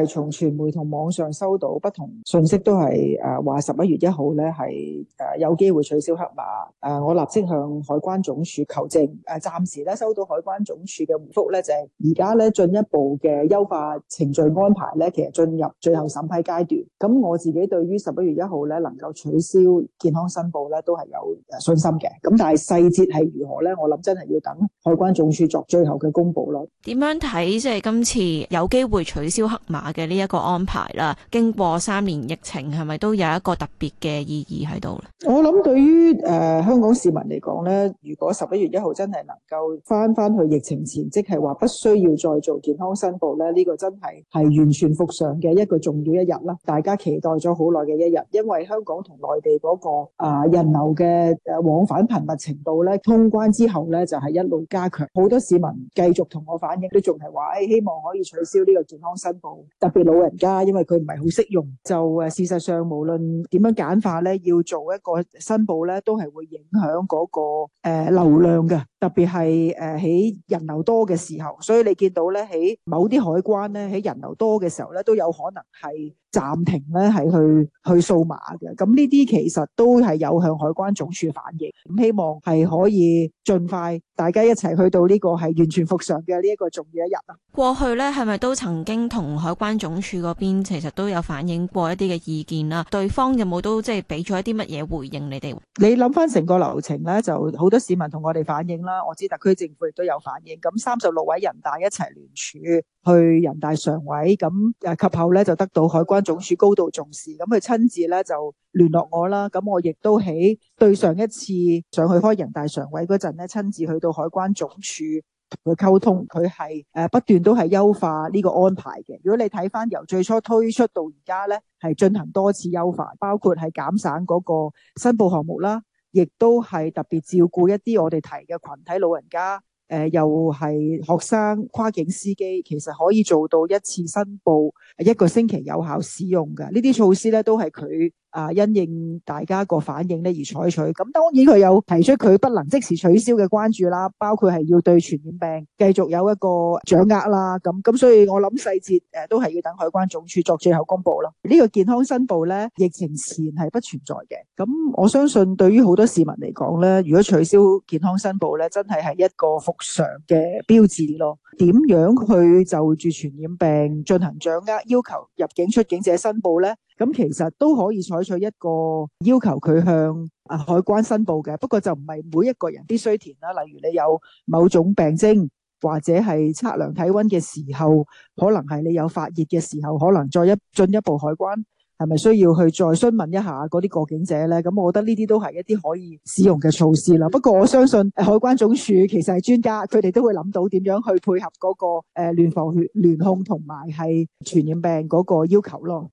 係從傳媒同網上收到不同信息都，都係誒話十一月一號咧，係誒、呃、有機會取消黑碼。誒，我立即向海關總署求證。誒、啊，暫時咧收到海關總署嘅回覆咧，就係而家咧進一步嘅優化程序安排咧，其實進入最後審批階段。咁我自己對於十一月一號咧能夠取消健康申報咧，都係有誒信心嘅。咁但係細節係如何咧，我諗真係要等海關總署作最後嘅公佈咯。點樣睇，即係今次有機會取消黑碼嘅呢一個安排啦？經過三年疫情，係咪都有一個特別嘅意義喺度咧？我諗對於誒。呃香港市民嚟講咧，如果十一月一號真係能夠翻返去疫情前，即係話不需要再做健康申報咧，呢個真係係完全復常嘅一個重要一日啦。大家期待咗好耐嘅一日，因為香港同內地嗰個啊人流嘅誒往返頻密程度咧，通關之後咧就係一路加強，好多市民繼續同我反映都仲係話，誒希望可以取消呢個健康申報，特別老人家，因為佢唔係好識用，就誒事實上無論點樣簡化咧，要做一個申報咧，都係會。影響嗰個誒流量嘅，特別係誒喺人流多嘅時候，所以你見到咧喺某啲海關咧喺人流多嘅時候咧都有可能係，暫停咧，係去去掃碼嘅，咁呢啲其實都係有向海關總署反映，咁希望係可以盡快，大家一齊去到呢個係完全復常嘅呢一個重要一日啊。過去咧係咪都曾經同海關總署嗰邊其實都有反映過一啲嘅意見啦？對方有冇都即係俾咗一啲乜嘢回應你哋？你諗翻成個流程咧，就好多市民同我哋反映啦，我知特區政府亦都有反映，咁三十六位人大一齊聯署。去人大常委，咁誒及後咧就得到海關總署高度重視，咁佢親自咧就聯絡我啦，咁我亦都喺對上一次上去開人大常委嗰陣咧，親自去到海關總署同佢溝通，佢係誒不斷都係優化呢個安排嘅。如果你睇返由最初推出到而家咧，係進行多次優化，包括係減省嗰個申報項目啦，亦都係特別照顧一啲我哋提嘅群體老人家。誒、呃、又係學生、跨境司機，其實可以做到一次申報一個星期有效使用嘅呢啲措施咧，都係佢。啊，因應大家個反應咧而採取，咁當然佢有提出佢不能即時取消嘅關注啦，包括係要對傳染病繼續有一個掌握啦，咁咁所以我諗細節誒都係要等海關總署作最後公布啦。呢個健康申報咧疫情前係不存在嘅，咁我相信對於好多市民嚟講咧，如果取消健康申報咧，真係係一個復常嘅標誌咯。點樣去就住傳染病進行掌握，要求入境出境者申報咧？咁其實都可以採取一個要求佢向海關申報嘅，不過就唔係每一個人必須填啦。例如你有某種病徵，或者係測量體温嘅時候，可能係你有發熱嘅時候，可能再一進一步海關係咪需要去再詢問一下嗰啲過境者呢？咁我覺得呢啲都係一啲可以使用嘅措施啦。不過我相信海關總署其實係專家，佢哋都會諗到點樣去配合嗰個誒聯防聯聯控同埋係傳染病嗰個要求咯。